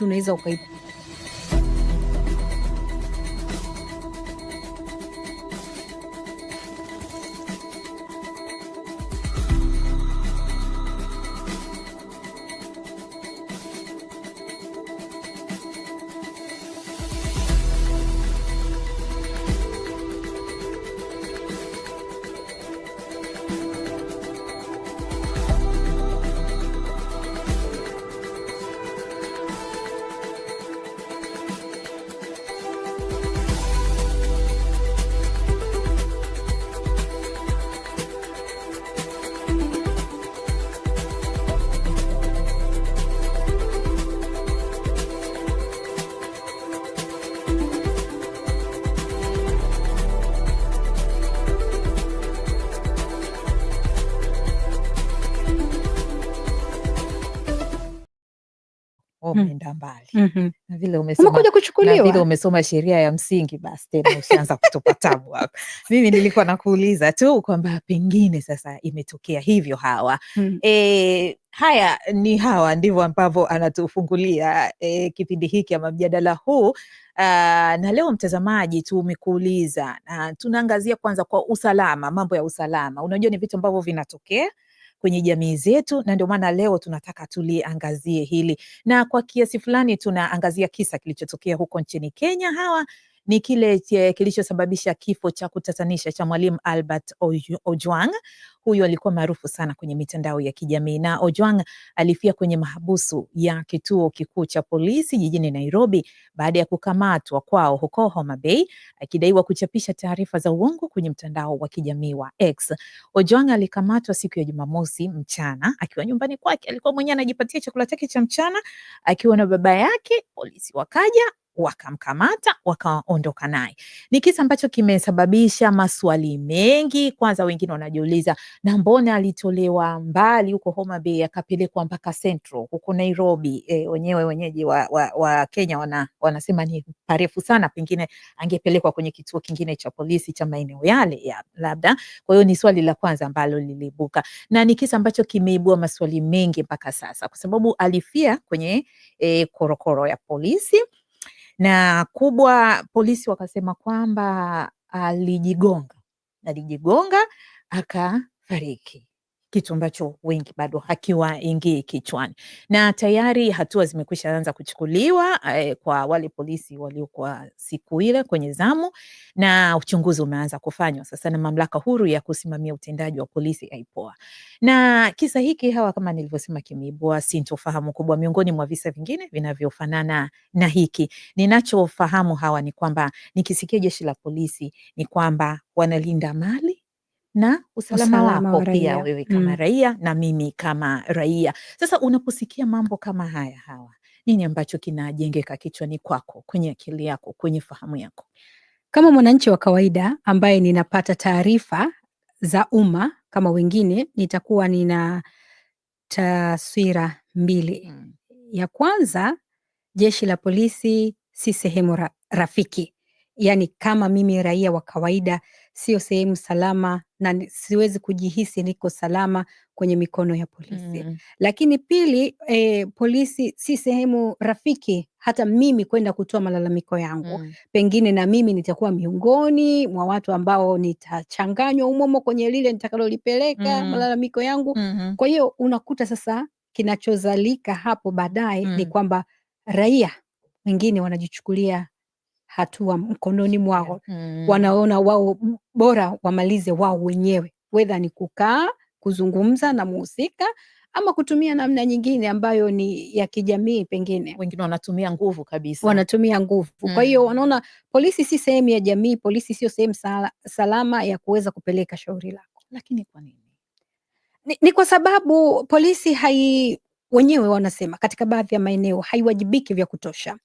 tunaweza Hmm. ambao mbali mm Vile umesoma sheria ya msingi, basi tena ushaanza kutupa tabu hapo. Mimi nilikuwa nakuuliza tu kwamba pengine sasa imetokea hivyo hawa mm e, haya ni hawa ndivyo ambavyo anatufungulia e, kipindi hiki ama mjadala huu Uh, na leo mtazamaji, tumekuuliza uh, tunaangazia kwanza kwa usalama, mambo ya usalama. Unajua ni vitu ambavyo vinatokea kwenye jamii zetu, na ndio maana leo tunataka tuliangazie hili, na kwa kiasi fulani tunaangazia kisa kilichotokea huko nchini Kenya. Hawa ni kile kilichosababisha kifo cha kutatanisha cha mwalimu Albert Ojwang. Huyu alikuwa maarufu sana kwenye mitandao ya kijamii, na Ojwang alifia kwenye mahabusu ya kituo kikuu cha polisi jijini Nairobi baada ya kukamatwa kwao huko Homa Bay akidaiwa kuchapisha taarifa za uongo kwenye mtandao wa kijamii wa X. Ojwang alikamatwa siku ya Jumamosi mchana akiwa nyumbani kwake, alikuwa mwenyewe anajipatia chakula chake cha mchana akiwa na baba yake. Polisi wakaja wakamkamata wakaondoka naye. Ni kisa ambacho kimesababisha maswali mengi. Kwanza wengine wanajiuliza, na mbona alitolewa mbali huko Homa Bay akapelekwa mpaka Central huko Nairobi? E, wenyewe wenyeji wa, wa, wa Kenya wana, wanasema ni parefu sana, pengine angepelekwa kwenye kituo kingine cha polisi cha maeneo yale ya labda. Kwa hiyo ni swali la kwanza ambalo liliibuka, na ni kisa ambacho kimeibua maswali mengi mpaka sasa, kwa sababu alifia kwenye e, korokoro ya polisi na kubwa, polisi wakasema kwamba alijigonga, alijigonga akafariki kitu ambacho wengi bado hakiwaingii kichwani, na tayari hatua zimekwisha anza kuchukuliwa eh, kwa wale polisi waliokuwa siku ile kwenye zamu, na uchunguzi umeanza kufanywa sasa na mamlaka huru ya kusimamia utendaji wa polisi IPOA. Na kisa hiki hawa, kama nilivyosema, kimeibua sintofahamu kubwa miongoni mwa visa vingine vinavyofanana na hiki. Ninachofahamu hawa ni kwamba nikisikia jeshi la polisi ni kwamba wanalinda mali na usalama usalama wako pia wewe kama Mm, raia na mimi kama raia. Sasa unaposikia mambo kama haya Hawa, nini ambacho kinajengeka kichwani kwako, kwenye akili yako, kwenye fahamu yako? Kama mwananchi wa kawaida ambaye ninapata taarifa za umma kama wengine, nitakuwa nina taswira mbili. Mm, Ya kwanza, jeshi la polisi si sehemu ra rafiki, yaani kama mimi raia wa kawaida, sio sehemu salama na siwezi kujihisi niko salama kwenye mikono ya polisi mm. Lakini pili e, polisi si sehemu rafiki hata mimi kwenda kutoa malalamiko yangu mm. Pengine na mimi nitakuwa miongoni mwa watu ambao nitachanganywa umomo kwenye lile nitakalolipeleka mm. malalamiko yangu mm -hmm. Kwa hiyo unakuta sasa kinachozalika hapo baadaye mm. ni kwamba raia wengine wanajichukulia hatua mkononi mwao mm. Wanaona wao bora wamalize wao wenyewe, wedha ni kukaa kuzungumza na muhusika ama kutumia namna nyingine ambayo ni ya kijamii. Pengine wengine wanatumia nguvu kabisa, wanatumia nguvu mm. Kwa hiyo mm. wanaona polisi si sehemu ya jamii, polisi sio sehemu salama ya kuweza kupeleka shauri lako. Lakini kwa nini? Ni, ni kwa sababu polisi hai wenyewe wanasema katika baadhi ya maeneo haiwajibiki vya kutosha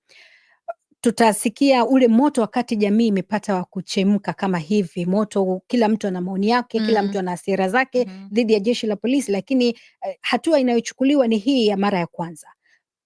tutasikia ule moto wakati jamii imepata wa kuchemka kama hivi moto. Kila mtu ana maoni yake mm. Kila mm-hmm. mtu ana hasira zake mm. dhidi ya jeshi la polisi, lakini eh, hatua inayochukuliwa ni hii ya mara ya kwanza.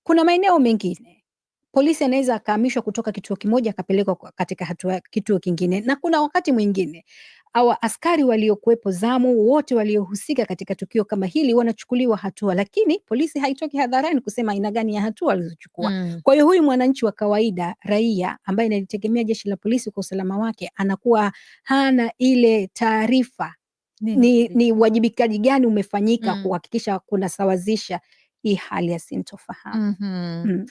Kuna maeneo mengine polisi anaweza akahamishwa kutoka kituo kimoja akapelekwa katika hatua kituo kingine, na kuna wakati mwingine awa askari waliokuwepo zamu wote waliohusika katika tukio kama hili wanachukuliwa hatua, lakini polisi haitoki hadharani kusema aina gani ya hatua walizochukua. Mm. Kwa hiyo huyu mwananchi wa kawaida, raia ambaye inalitegemea jeshi la polisi kwa usalama wake, anakuwa hana ile taarifa ni ni uwajibikaji gani umefanyika mm. kuhakikisha kunasawazisha hii hali ya sintofahamu. mm -hmm. mm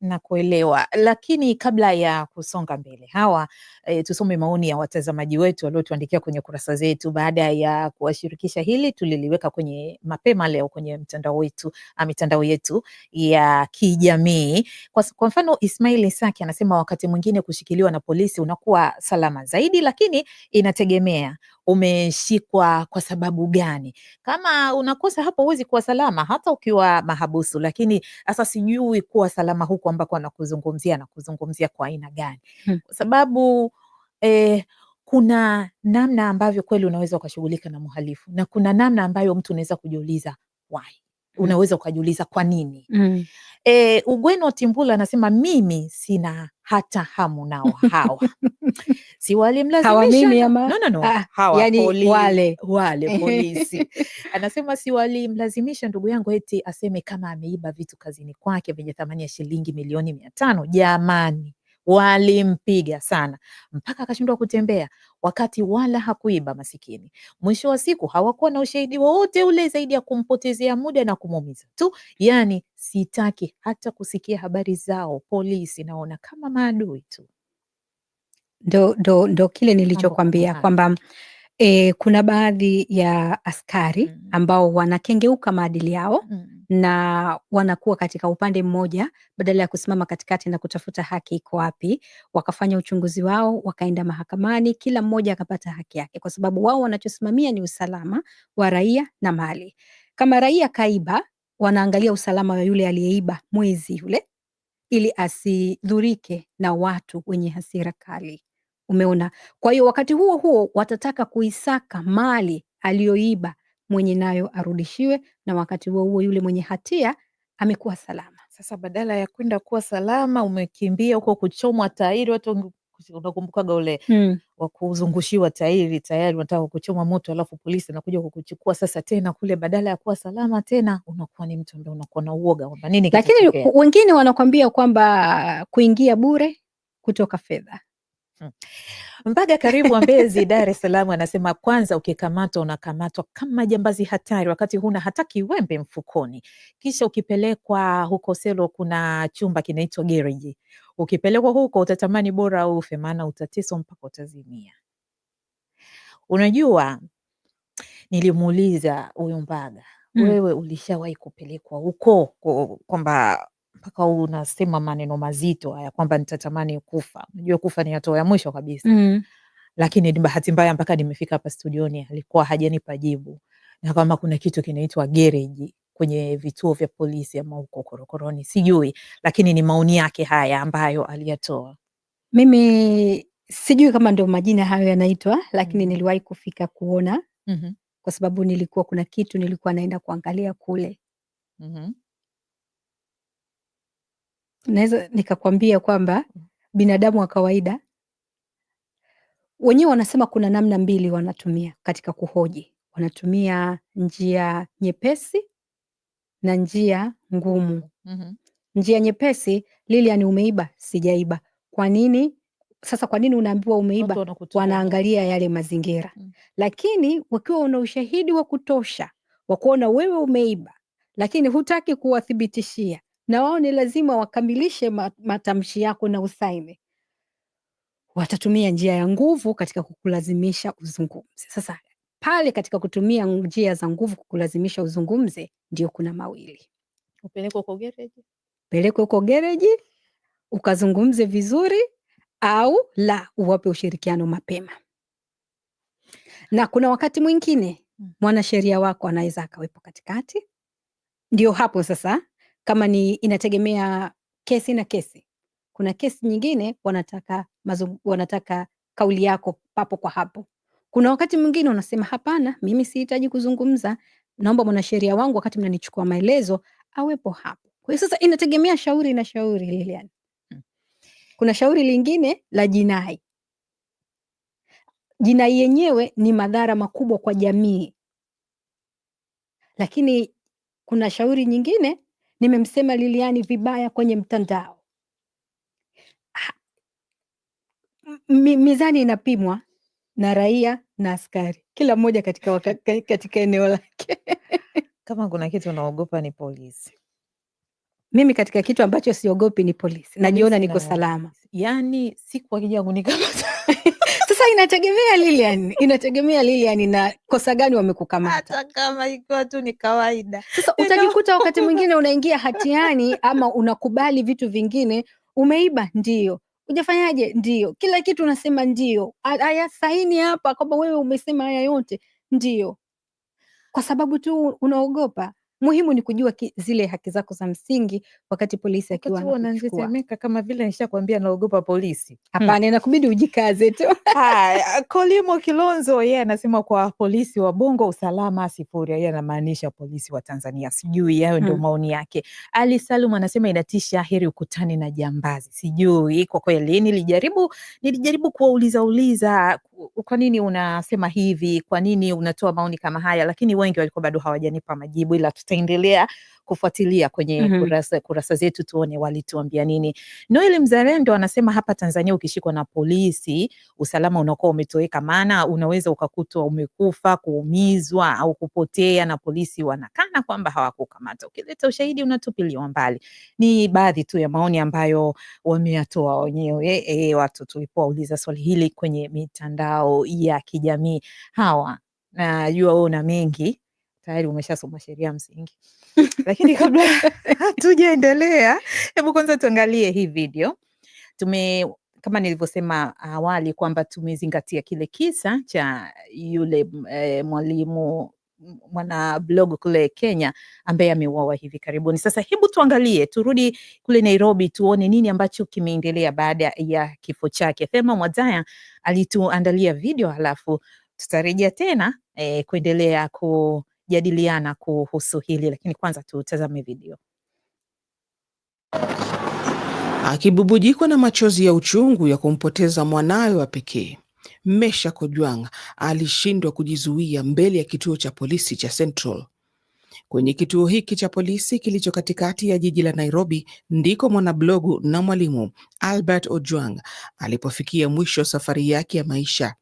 na kuelewa. Lakini kabla ya kusonga mbele, Hawa, e, tusome maoni ya watazamaji wetu waliotuandikia kwenye kurasa zetu. Baada ya kuwashirikisha hili, tuliliweka kwenye mapema leo kwenye mtandao wetu, mitandao yetu ya kijamii. Kwa, kwa mfano Ismail Saki anasema wakati mwingine kushikiliwa na polisi unakuwa salama zaidi, lakini inategemea umeshikwa kwa sababu gani. Kama unakosa hapo, huwezi kuwa salama hata ukiwa mahabusu. Lakini sasa sijui kuwa salama huku ambako anakuzungumzia na kuzungumzia kwa aina gani? hmm. kwa sababu eh, kuna namna ambavyo kweli unaweza ukashughulika na mhalifu na kuna namna ambayo mtu unaweza kujiuliza wai unaweza ukajiuliza kwa nini? mm. E, Ugweno Timbula anasema mimi sina hata hamu nao hawa si walimlazimisha no, no, no. Ah, yani poli, wale, wale polisi anasema si walimlazimisha ndugu yangu eti aseme kama ameiba vitu kazini kwake vyenye thamani ya shilingi milioni mia tano. Jamani, walimpiga sana mpaka akashindwa kutembea, wakati wala hakuiba masikini. Mwisho wa siku hawakuwa na ushahidi wowote ule zaidi ya kumpotezea muda na kumuumiza tu. Yaani, sitaki hata kusikia habari zao polisi, naona kama maadui tu. Ndo, ndo, ndo kile nilichokwambia kwamba e, kuna baadhi ya askari mm-hmm. ambao wanakengeuka maadili yao mm na wanakuwa katika upande mmoja badala ya kusimama katikati na kutafuta haki iko wapi. Wakafanya uchunguzi wao, wakaenda mahakamani, kila mmoja akapata haki yake, kwa sababu wao wanachosimamia ni usalama wa raia na mali. Kama raia kaiba, wanaangalia usalama wa yule aliyeiba, mwizi yule, ili asidhurike na watu wenye hasira kali. Umeona? Kwa hiyo wakati huo huo watataka kuisaka mali aliyoiba mwenye nayo arudishiwe, na wakati huo huo yule mwenye hatia amekuwa salama. Sasa badala ya kwenda kuwa salama, umekimbia huko kuchomwa tairi, watu unakumbukaga ule hmm, wa kuzungushiwa tairi, tayari unataka kuchoma moto, alafu polisi anakuja kukuchukua. Sasa tena kule, badala ya kuwa salama, tena unakuwa ni mtu ambaye unakuwa na uoga kwamba nini. Lakini wengine wanakwambia kwamba kuingia bure kutoka fedha Mm. Mbaga karibu wa Mbezi, Dar es Salaam, anasema kwanza, ukikamatwa unakamatwa kama jambazi hatari, wakati huna hata kiwembe mfukoni. Kisha ukipelekwa huko Selo, kuna chumba kinaitwa gereji. Ukipelekwa huko utatamani bora ufe, maana utateswa mpaka utazimia. Unajua, nilimuuliza huyu Mbaga, mm. wewe ulishawahi kupelekwa huko kwamba mpaka unasema maneno mazito haya kwamba nitatamani kufa. Unajua kufa ni hatua ya mwisho kabisa. Mm. Lakini ni bahati mbaya mpaka nimefika hapa studioni alikuwa hajanipa jibu. Na kama kuna kitu kinaitwa gereji kwenye vituo vya polisi ama huko korokoroni sijui, lakini ni maoni yake haya ambayo aliyatoa. Mimi sijui kama ndio majina hayo yanaitwa, lakini mm -hmm. niliwahi kufika kuona mm -hmm. kwa sababu nilikuwa kuna kitu nilikuwa naenda kuangalia kule mm -hmm naweza nikakwambia kwamba binadamu wa kawaida wenyewe wanasema kuna namna mbili wanatumia katika kuhoji, wanatumia njia nyepesi na njia ngumu. mm -hmm. Njia nyepesi, Lilian, umeiba? Sijaiba. Kwa nini sasa? Kwa nini unaambiwa umeiba? Wanaangalia yale mazingira. mm -hmm. Lakini wakiwa una ushahidi wa kutosha wa kuona wewe umeiba, lakini hutaki kuwathibitishia na wao ni lazima wakamilishe matamshi yako na usaini. Watatumia njia ya nguvu katika kukulazimisha uzungumze. Sasa pale katika kutumia njia za nguvu kukulazimisha uzungumze, ndio kuna mawili: upelekwe huko gereji, upelekwe gereji ukazungumze vizuri, au la, uwape ushirikiano mapema. Na kuna wakati mwingine hmm. mwanasheria wako anaweza akawepo katikati, ndio hapo sasa kama ni inategemea kesi na kesi. Kuna kesi nyingine wanataka mazung, wanataka kauli yako papo kwa hapo. Kuna wakati mwingine unasema hapana, mimi sihitaji kuzungumza, naomba mwanasheria wangu wakati mnanichukua maelezo awepo hapo. Kwa hiyo sasa inategemea shauri na shauri, Lilian. Hmm. Kuna shauri lingine la jinai. Jinai yenyewe ni madhara makubwa kwa jamii, lakini kuna shauri nyingine nimemsema Liliani vibaya kwenye mtandao. mizani inapimwa na raia na askari, kila mmoja katika katika eneo lake kama kuna kitu unaogopa ni polisi. Mimi katika kitu ambacho siogopi ni polisi, najiona niko salama. Yani siku akija kunikamata inategemea Lilian, inategemea Lilian na kosa gani wamekukamata. Hata kama ikiwa tu ni kawaida, sasa utajikuta wakati mwingine unaingia hatiani, ama unakubali vitu vingine. Umeiba ndio, ujafanyaje ndio, kila kitu unasema ndio, haya saini hapa kwamba wewe umesema haya yote ndio, kwa sababu tu unaogopa Muhimu ni kujua ki, zile haki zako za msingi wakati polisi akiwa kama vile nishakwambia naogopa polisi. Hmm. Hapana, hmm, inakubidi ujikaze tu. Kolimo Kilonzo yeye anasema kwa polisi wa Bongo usalama sifuri, yeye anamaanisha polisi wa Tanzania, sijui yayo ndio hmm, maoni yake. Ali Salum anasema inatisha, heri ukutani na jambazi. Sijui kwa kweli, nilijaribu nilijaribu kuwauliza uliza kwa nini unasema hivi, kwa nini unatoa maoni kama haya, lakini wengi walikuwa bado hawajanipa majibu, ila tutaendelea kufuatilia kwenye mm -hmm. kurasa, kurasa zetu tuone walituambia nini. Noel Mzalendo anasema hapa Tanzania ukishikwa na polisi usalama unakuwa umetoweka, maana unaweza ukakutwa umekufa, kuumizwa au kupotea na polisi wanakana kwamba hawakukamata. Ukileta ushahidi unatupiliwa mbali. Ni baadhi tu ya maoni ambayo wameyatoa wenyewe e, watu tulipowauliza swali hili kwenye mitandao ya kijamii hawa najua wewe mengi tayari umeshasoma sheria msingi lakini kabla hatujaendelea, hebu kwanza tuangalie hii video tume kama nilivyosema awali kwamba tumezingatia kile kisa cha yule e, mwalimu mwana blog kule Kenya ambaye ameuawa hivi karibuni. Sasa hebu tuangalie, turudi kule Nairobi tuone nini ambacho kimeendelea baada ya kifo chake. Thema Mwadaya alituandalia video, halafu tutarejea tena e, kuendelea ku kujadiliana kuhusu hili, lakini kwanza tutazame video. Akibubujikwa na machozi ya uchungu ya kumpoteza mwanawe wa pekee, Mesha Kojwang alishindwa kujizuia mbele ya kituo cha polisi cha Central. Kwenye kituo hiki cha polisi kilicho katikati ya jiji la Nairobi ndiko mwanablogu na mwalimu Albert Ojwang alipofikia mwisho safari yake ya maisha.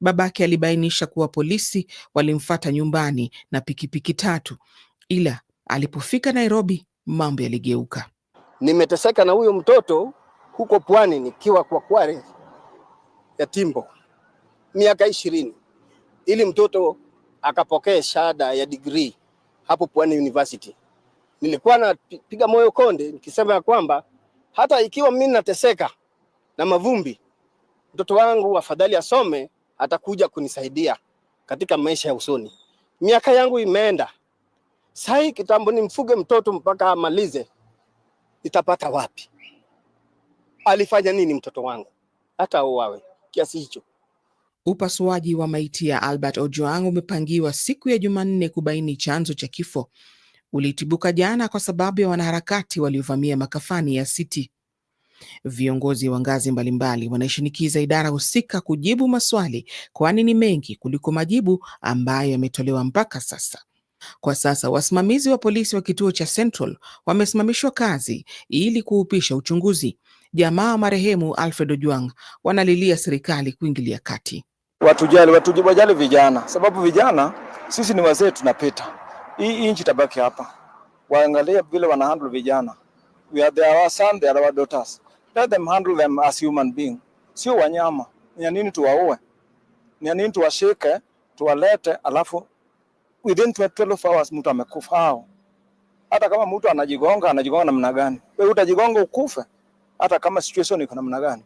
Babake alibainisha kuwa polisi walimfata nyumbani na pikipiki tatu, ila alipofika Nairobi mambo yaligeuka. Nimeteseka na huyo mtoto huko pwani, nikiwa kwa Kware ya Timbo miaka ishirini, ili mtoto akapokee shahada ya degree hapo Pwani University. Nilikuwa napiga moyo konde nikisema ya kwamba hata ikiwa mimi nateseka na mavumbi, mtoto wangu afadhali asome atakuja kunisaidia katika maisha ya usoni. Miaka yangu imeenda sai, kitambo nimfuge mtoto mpaka amalize, nitapata wapi? Alifanya nini mtoto wangu hata auawe kiasi hicho? Upasuaji wa maiti ya Albert Ojwang umepangiwa siku ya Jumanne kubaini chanzo cha kifo. Ulitibuka jana kwa sababu ya wanaharakati waliovamia makafani ya City. Viongozi wa ngazi mbalimbali wanaishinikiza idara husika kujibu maswali, kwani ni mengi kuliko majibu ambayo yametolewa mpaka sasa. Kwa sasa wasimamizi wa polisi wa kituo cha Central wamesimamishwa kazi ili kuupisha uchunguzi. Jamaa wa marehemu Alfred Ojwang wanalilia serikali kuingilia kati. Watujali, watujali, wajali vijana, sababu vijana sisi ni wazee, tunapita hii nchi tabaki hapa. Waangalie vile wanahandle vijana, we are their they are our daughters. Let them handle them as human being, sio wanyama. Ni nini tuwaue? Ni nini tuwashike, tuwalete, alafu within 12 hours mtu amekufa hao. Hata kama mtu anajigonga, anajigonga namna gani? Wewe utajigonga ukufe, hata kama situation iko namna gani?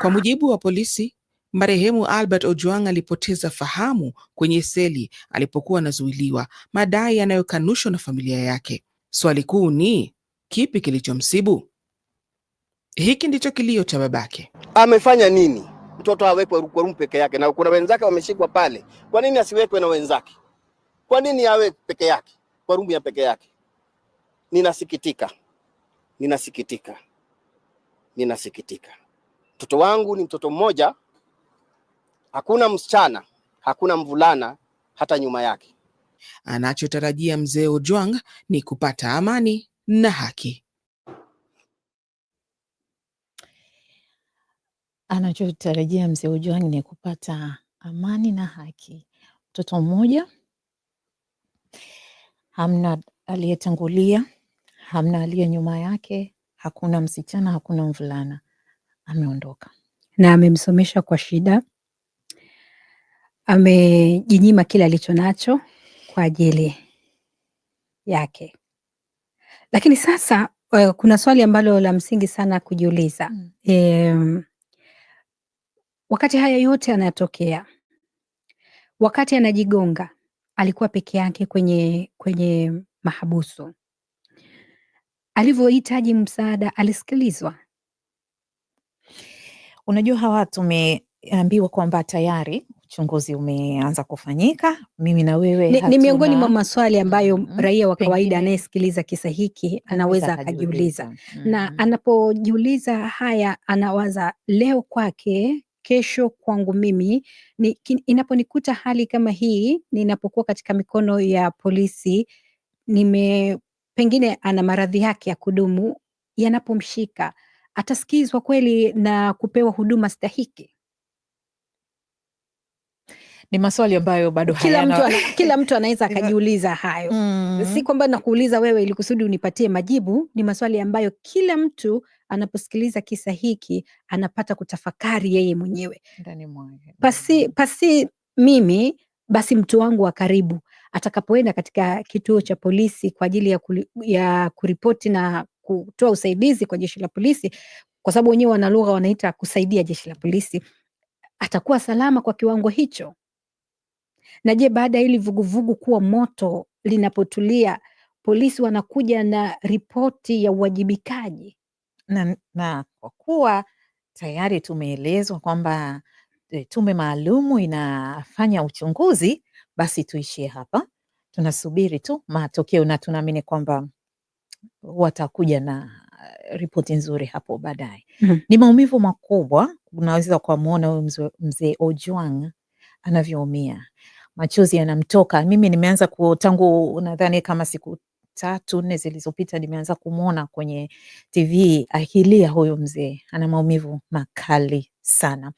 Kwa mujibu wa polisi, marehemu Albert Ojwang alipoteza fahamu kwenye seli alipokuwa anazuiliwa, madai yanayokanushwa na familia yake. Swali kuu ni kipi kilichomsibu? Hiki ndicho kilio cha babake. Amefanya nini? Mtoto awekwe Rukwarumu peke yake na kuna wenzake wameshikwa pale. Kwa nini asiwekwe na wenzake? Kwa nini awe peke yake? Kwa Rumu ya peke yake. Ninasikitika, ninasikitika, ninasikitika. Mtoto wangu ni mtoto mmoja, hakuna msichana, hakuna mvulana hata nyuma yake. Anachotarajia mzee Ojwang ni kupata amani na haki. Anachotarajia mzee Ojwang ni kupata amani na haki. Mtoto mmoja, hamna aliyetangulia, hamna aliye nyuma yake, hakuna msichana, hakuna mvulana. Ameondoka na amemsomesha kwa shida, amejinyima kile alicho nacho kwa ajili yake. Lakini sasa eh, kuna swali ambalo la msingi sana kujiuliza. mm. E, Wakati haya yote anatokea wakati anajigonga, alikuwa peke yake kwenye kwenye mahabusu. Alivyohitaji msaada, alisikilizwa. Unajua, hawa tumeambiwa kwamba tayari uchunguzi umeanza kufanyika. Mimi na wewe ni, ni miongoni mwa maswali ambayo mm -hmm. raia wa kawaida anayesikiliza kisa hiki anaweza akajiuliza mm -hmm. na mm-hmm. anapojiuliza haya anawaza leo kwake kesho kwangu mimi ni, inaponikuta hali kama hii, ninapokuwa katika mikono ya polisi, nime pengine ana maradhi yake ya kudumu yanapomshika, atasikizwa kweli na kupewa huduma stahiki? ni maswali ambayo bado kila mtu, ana, kila mtu anaweza akajiuliza hayo mm. Si kwamba nakuuliza wewe ili kusudi unipatie majibu. Ni maswali ambayo kila mtu anaposikiliza kisa hiki anapata kutafakari yeye mwenyewe pasi, pasi mimi basi mtu wangu wa karibu atakapoenda katika kituo cha polisi kwa ajili ya, kuli, ya kuripoti na kutoa usaidizi kwa jeshi la polisi, kwa sababu wenyewe wanalugha wanaita kusaidia jeshi la polisi, atakuwa salama kwa kiwango hicho? Na je, baada ya hili vuguvugu kuwa moto linapotulia, polisi wanakuja na ripoti ya uwajibikaji? Na, na kwa kuwa tayari tumeelezwa kwamba e, tume maalumu inafanya uchunguzi, basi tuishie hapa, tunasubiri tu matokeo na tunaamini kwamba watakuja na e, ripoti nzuri hapo baadaye. Mm-hmm. Ni maumivu makubwa, unaweza ukamwona huyu mzee Ojwang anavyoumia machozi yanamtoka. Mimi nimeanza ku tangu nadhani kama siku tatu nne zilizopita nimeanza kumwona kwenye TV akilia. Huyu mzee ana maumivu makali sana.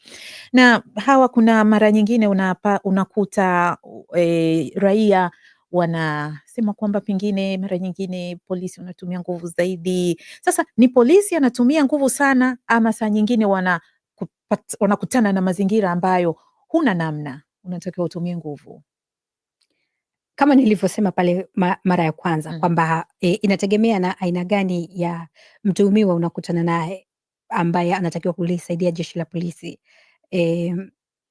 Na hawa, kuna mara nyingine unapa, unakuta e, raia wanasema kwamba pengine mara nyingine polisi wanatumia nguvu zaidi. Sasa ni polisi anatumia nguvu sana, ama saa nyingine wanakutana wana na mazingira ambayo huna namna unatakiwa utumie nguvu kama nilivyosema pale ma, mara ya kwanza mm. kwamba e, inategemea na aina gani ya mtuhumiwa unakutana naye ambaye anatakiwa kulisaidia jeshi la polisi. E,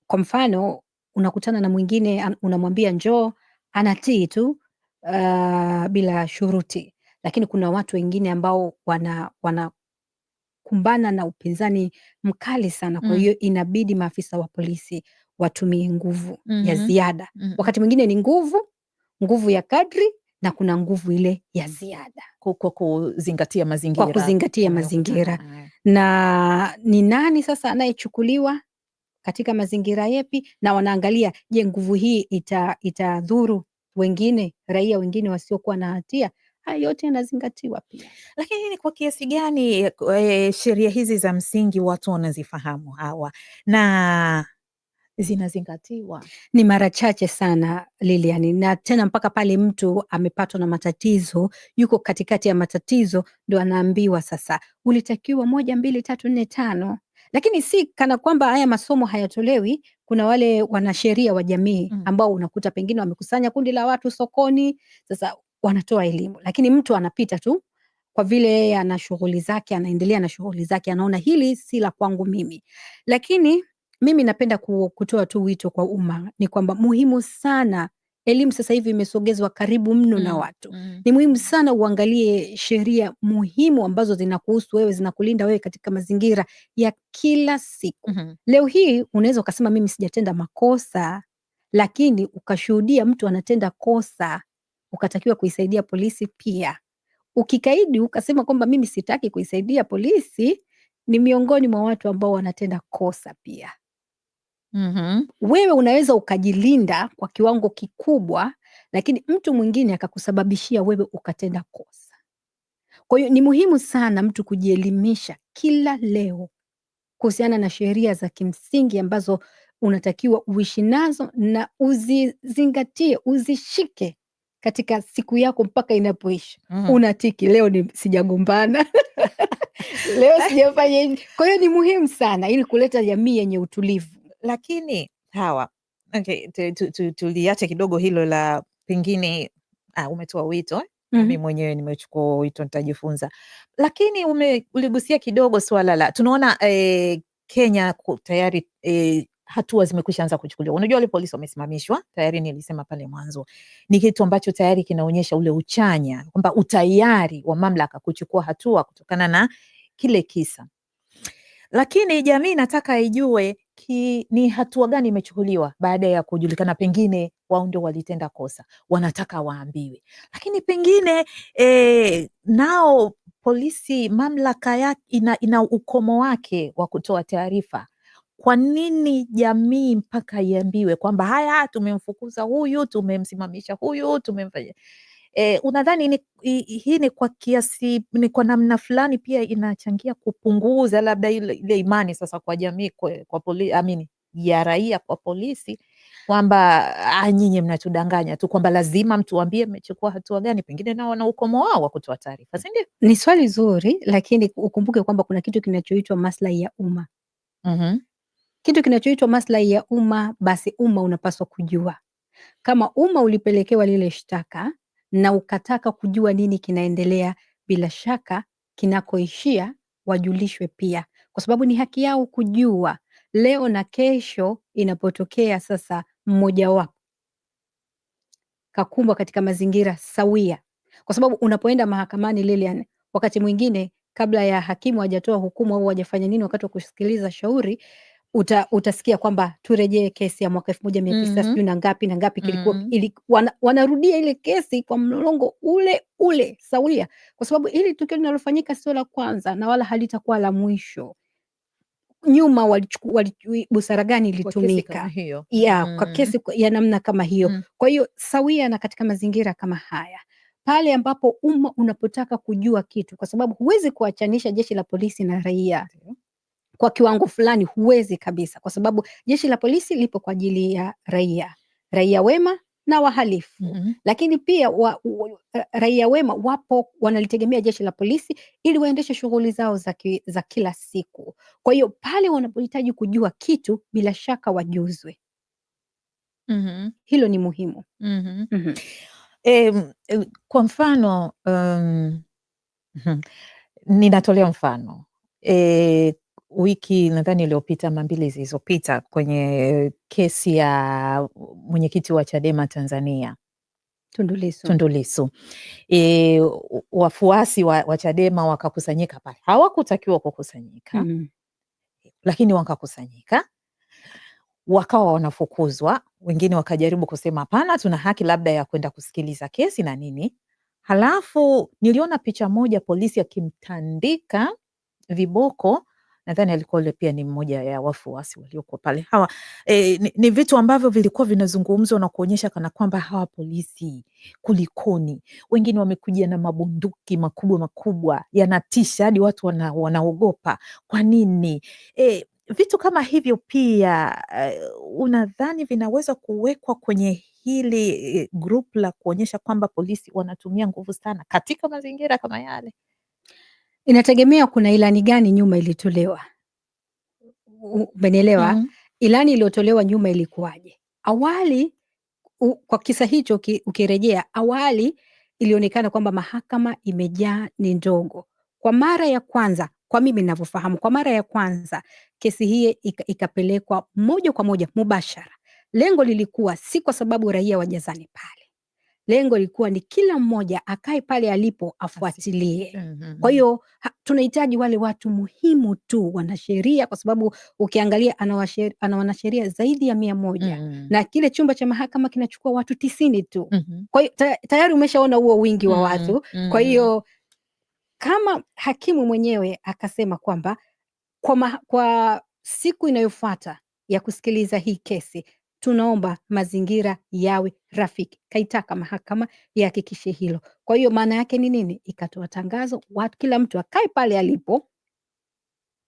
kwa mfano unakutana na mwingine unamwambia njoo, anatii tu uh, bila shuruti, lakini kuna watu wengine ambao wana wanakumbana na upinzani mkali sana. Kwa mm. hiyo mm. inabidi maafisa wa polisi watumie nguvu mm -hmm. ya mhm. ziada mm -hmm. wakati mwingine ni nguvu nguvu ya kadri na kuna nguvu ile ya ziada kwa kuzingatia mazingira, kwa kuzingatia mazingira. Na ni nani sasa anayechukuliwa katika mazingira yepi, na wanaangalia je, nguvu hii itadhuru ita wengine, raia wengine wasiokuwa na hatia. Haya yote yanazingatiwa pia, lakini ni kwa kiasi gani e, sheria hizi za msingi watu wanazifahamu hawa na zinazingatiwa ni mara chache sana Lilian, na tena mpaka pale mtu amepatwa na matatizo, yuko katikati ya matatizo, ndo anaambiwa sasa ulitakiwa moja, mbili, tatu, nne, tano. Lakini si kana kwamba haya masomo hayatolewi. Kuna wale wanasheria wa jamii mm. ambao unakuta pengine wamekusanya kundi la watu sokoni, sasa wanatoa elimu, lakini mtu anapita tu kwa vile yeye ana shughuli zake, anaendelea na shughuli zake, anaona hili si la kwangu mimi, lakini mimi napenda kutoa tu wito kwa umma ni kwamba muhimu sana elimu sasa hivi imesogezwa karibu mno mm, na watu mm. Ni muhimu sana uangalie sheria muhimu ambazo zinakuhusu wewe, zinakulinda wewe katika mazingira ya kila siku mm -hmm. Leo hii unaweza ukasema mimi sijatenda makosa, lakini ukashuhudia mtu anatenda kosa, ukatakiwa kuisaidia polisi pia. Ukikaidi ukasema kwamba mimi sitaki kuisaidia polisi, ni miongoni mwa watu ambao wanatenda kosa pia mm -hmm. Wewe unaweza ukajilinda kwa kiwango kikubwa, lakini mtu mwingine akakusababishia wewe ukatenda kosa. Kwa hiyo ni muhimu sana mtu kujielimisha kila leo kuhusiana na sheria za kimsingi ambazo unatakiwa uishi nazo na uzizingatie, uzishike katika siku yako mpaka inapoisha. mm -hmm. Unatiki leo ni sijagombana leo sijafanya hivi. Kwa hiyo ni muhimu sana ili kuleta jamii yenye utulivu. Lakini hawa okay, tuliache kidogo hilo la pengine ah, umetoa wito eh? Mm -hmm. Mi mwenyewe nimechukua wito nitajifunza, lakini ume, uligusia kidogo swala la tunaona eh, Kenya tayari eh, hatua zimekwisha anza kuchukuliwa. Unajua wale polisi wamesimamishwa tayari, nilisema pale mwanzo, ni kitu ambacho tayari kinaonyesha ule uchanya kwamba utayari wa mamlaka kuchukua hatua kutokana na kile kisa lakini jamii inataka ijue ki, ni hatua gani imechukuliwa baada ya kujulikana pengine wao ndio walitenda kosa, wanataka waambiwe. Lakini pengine e, nao polisi, mamlaka yake ina, ina ukomo wake wa kutoa taarifa. Kwa nini jamii mpaka iambiwe kwamba haya, tumemfukuza huyu, tumemsimamisha huyu, tumemfanya E, unadhani ni, hii ni kwa kiasi, ni kwa namna fulani pia inachangia kupunguza labda ile, ile imani sasa kwa jamii kwa, kwa poli, amini, ya raia kwa polisi kwamba ah, nyinyi mnatudanganya tu, kwamba lazima mtuambie mmechukua hatua gani. Pengine nao wana ukomo wao wa kutoa taarifa, si ndio? Ni swali zuri, lakini ukumbuke kwamba kuna kitu kinachoitwa maslahi ya umma mm -hmm. Kitu kinachoitwa maslahi ya umma, basi umma unapaswa kujua kama umma ulipelekewa lile shtaka na ukataka kujua nini kinaendelea, bila shaka kinakoishia wajulishwe pia, kwa sababu ni haki yao kujua leo na kesho. Inapotokea sasa mmojawapo kakumbwa katika mazingira sawia, kwa sababu unapoenda mahakamani Lilian, wakati mwingine kabla ya hakimu hajatoa hukumu au hajafanya nini, wakati wa kusikiliza shauri uta, utasikia kwamba turejee kesi ya mwaka elfu moja mia tisa mhm. sijui na ngapi na ngapi kilikuwa mm -hmm. ili, wana, wanarudia ile kesi kwa mlolongo ule ule sawia, kwa sababu hili tukio linalofanyika sio la kwanza na wala halitakuwa la mwisho. Nyuma busara gani ilitumika ya kwa mhm. kesi ya namna kama hiyo mm. kwa hiyo sawia na katika mazingira kama haya pale ambapo umma unapotaka kujua kitu, kwa sababu huwezi kuachanisha jeshi la polisi na raia kwa kiwango fulani huwezi kabisa, kwa sababu jeshi la polisi lipo kwa ajili ya raia, raia wema na wahalifu mm -hmm. Lakini pia wa, wa, raia wema wapo wanalitegemea jeshi la polisi ili waendeshe shughuli zao za, ki, za kila siku. Kwa hiyo pale wanapohitaji kujua kitu, bila shaka wajuzwe. mm -hmm. Hilo ni muhimu. mm -hmm. Mm -hmm. E, e, kwa mfano um, ninatolea mfano e, wiki nadhani iliyopita ama mbili zilizopita kwenye kesi ya mwenyekiti wa Chadema Tanzania Tundulisu, Tundulisu. E, wafuasi wa, wa Chadema wakakusanyika pale, hawakutakiwa kukusanyika mm. Lakini wakakusanyika wakawa wanafukuzwa, wengine wakajaribu kusema hapana, tuna haki labda ya kwenda kusikiliza kesi na nini. Halafu niliona picha moja polisi akimtandika viboko nadhani alikuwa pia ni mmoja ya wafuasi waliokuwa pale hawa. E, ni, ni vitu ambavyo vilikuwa vinazungumzwa na kuonyesha kana kwamba hawa polisi kulikoni, wengine wamekuja na mabunduki makubwa makubwa, yanatisha hadi watu wana, wanaogopa kwa nini? E, vitu kama hivyo pia uh, unadhani vinaweza kuwekwa kwenye hili grup la kuonyesha kwamba polisi wanatumia nguvu sana katika mazingira kama yale? inategemea kuna ilani gani nyuma ilitolewa, umenielewa? mm -hmm. Ilani iliyotolewa nyuma ilikuwaje? Awali u, kwa kisa hicho ki, ukirejea awali ilionekana kwamba mahakama imejaa ni ndogo. Kwa mara ya kwanza, kwa mimi ninavyofahamu, kwa mara ya kwanza kesi hii ikapelekwa moja kwa moja mubashara. Lengo lilikuwa si kwa sababu raia wajazani pale lengo lilikuwa ni kila mmoja akae pale alipo afuatilie. Mhm, kwa mhm. hiyo tunahitaji wale watu muhimu tu, wanasheria, kwa sababu ukiangalia ana wanasheria zaidi ya mia moja mm -hmm. na kile chumba cha mahakama kinachukua watu tisini tu mm -hmm. kwa tayari umeshaona huo wingi wa mm, watu mm -hmm. kwa hiyo kama hakimu mwenyewe akasema kwamba kwa, ma, kwa siku inayofuata ya kusikiliza hii kesi tunaomba mazingira yawe rafiki. Kaitaka mahakama ihakikishe hilo. Kwa hiyo maana yake ni nini? Ikatoa tangazo, watu kila mtu akae pale alipo.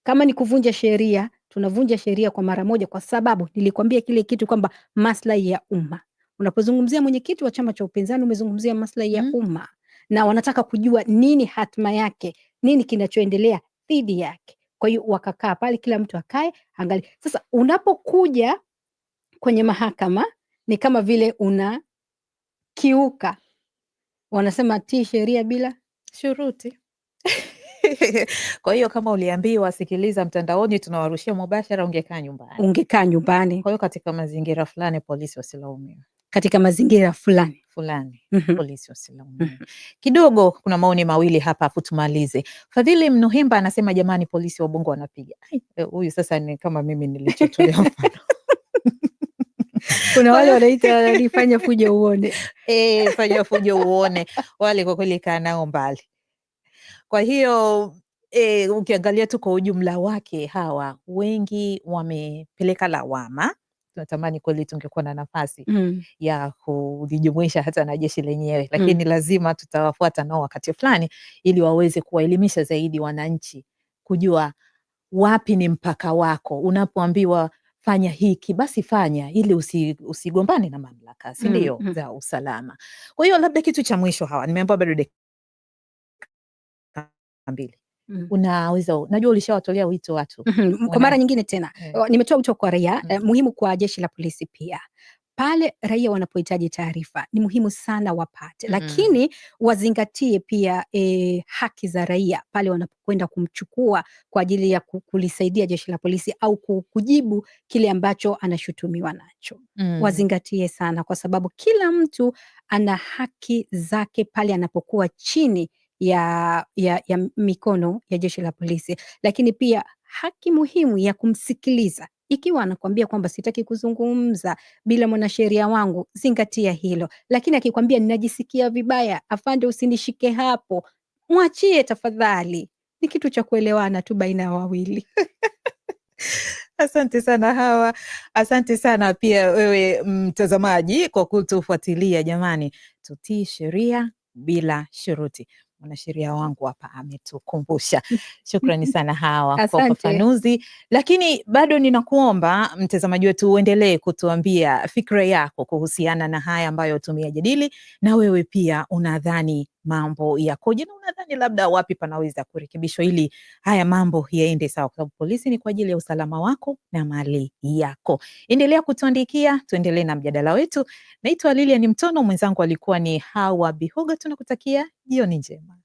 Kama ni kuvunja sheria, tunavunja sheria kwa mara moja, kwa sababu nilikwambia kile kitu kwamba maslahi ya umma. Unapozungumzia mwenyekiti wa chama cha upinzani, umezungumzia maslahi ya mm-hmm. umma, na wanataka kujua nini hatima yake, nini kinachoendelea dhidi yake. Kwa hiyo wakakaa pale, kila mtu akae angali. Sasa unapokuja kwenye mahakama ni kama vile unakiuka, wanasema ti sheria bila shuruti. Kwa hiyo kama uliambiwa sikiliza mtandaoni, tunawarushia mubashara, ungekaa nyumbani, ungekaa nyumbani. Kwa hiyo katika mazingira fulani polisi wasilaumiwe, katika mazingira fulani fulani mm -hmm. Polisi wasilaumiwe mm -hmm. Kidogo kuna maoni mawili hapa afu tumalize. Fadhili Mnuhimba anasema jamani, polisi wa Bongo wanapiga huyu. Sasa ni kama mimi nilichotolea mfano kuna wale wanaita nifanya fujo uone. E, fanya fujo uone. Wale kwa kweli kaa nao mbali. Kwa hiyo e, ukiangalia tu kwa ujumla wake, hawa wengi wamepeleka lawama tunatamani kweli tungekuwa na nafasi mm. ya kulijumuisha hata na jeshi lenyewe, lakini mm. lazima tutawafuata nao wakati fulani, ili waweze kuwaelimisha zaidi wananchi, kujua wapi ni mpaka wako. Unapoambiwa fanya hiki basi fanya ili usi, usigombane na mamlaka, si mm, ndio? mm -hmm. za usalama. Kwa hiyo labda kitu cha mwisho, hawa nimeambiwa bado dakika mbili. Mm -hmm. Unaweza, najua ulishawatolea wito watu. Mm -hmm. Kwa mara nyingine tena, yeah. Nimetoa wito kwa raia, mm -hmm. eh, muhimu kwa jeshi la polisi pia pale raia wanapohitaji taarifa ni muhimu sana wapate, mm-hmm. lakini wazingatie pia e, haki za raia pale wanapokwenda kumchukua kwa ajili ya kulisaidia jeshi la polisi au kujibu kile ambacho anashutumiwa nacho mm. wazingatie sana, kwa sababu kila mtu ana haki zake pale anapokuwa chini ya, ya, ya mikono ya jeshi la polisi, lakini pia haki muhimu ya kumsikiliza ikiwa anakwambia kwamba sitaki kuzungumza bila mwanasheria wangu, zingatia hilo. Lakini akikwambia ninajisikia vibaya, afande, usinishike hapo, mwachie tafadhali. Ni kitu cha kuelewana tu baina ya wawili. Asante sana Hawa, asante sana pia wewe mtazamaji kwa kutufuatilia. Jamani, tutii sheria bila shuruti mwanasheria wangu hapa ametukumbusha. Shukrani sana Hawa kwa ufafanuzi, lakini bado ninakuomba mtazamaji wetu uendelee kutuambia fikra yako kuhusiana na haya ambayo tumeyajadili, na wewe pia unadhani mambo yakoje, na unadhani labda wapi panaweza kurekebishwa ili haya mambo yaende sawa, kwa sababu polisi ni kwa ajili ya usalama wako na mali yako. Endelea kutuandikia, tuendelee na mjadala wetu. Naitwa Lilian Mtono, mwenzangu alikuwa ni Hawa Bihoga. Tunakutakia jioni njema.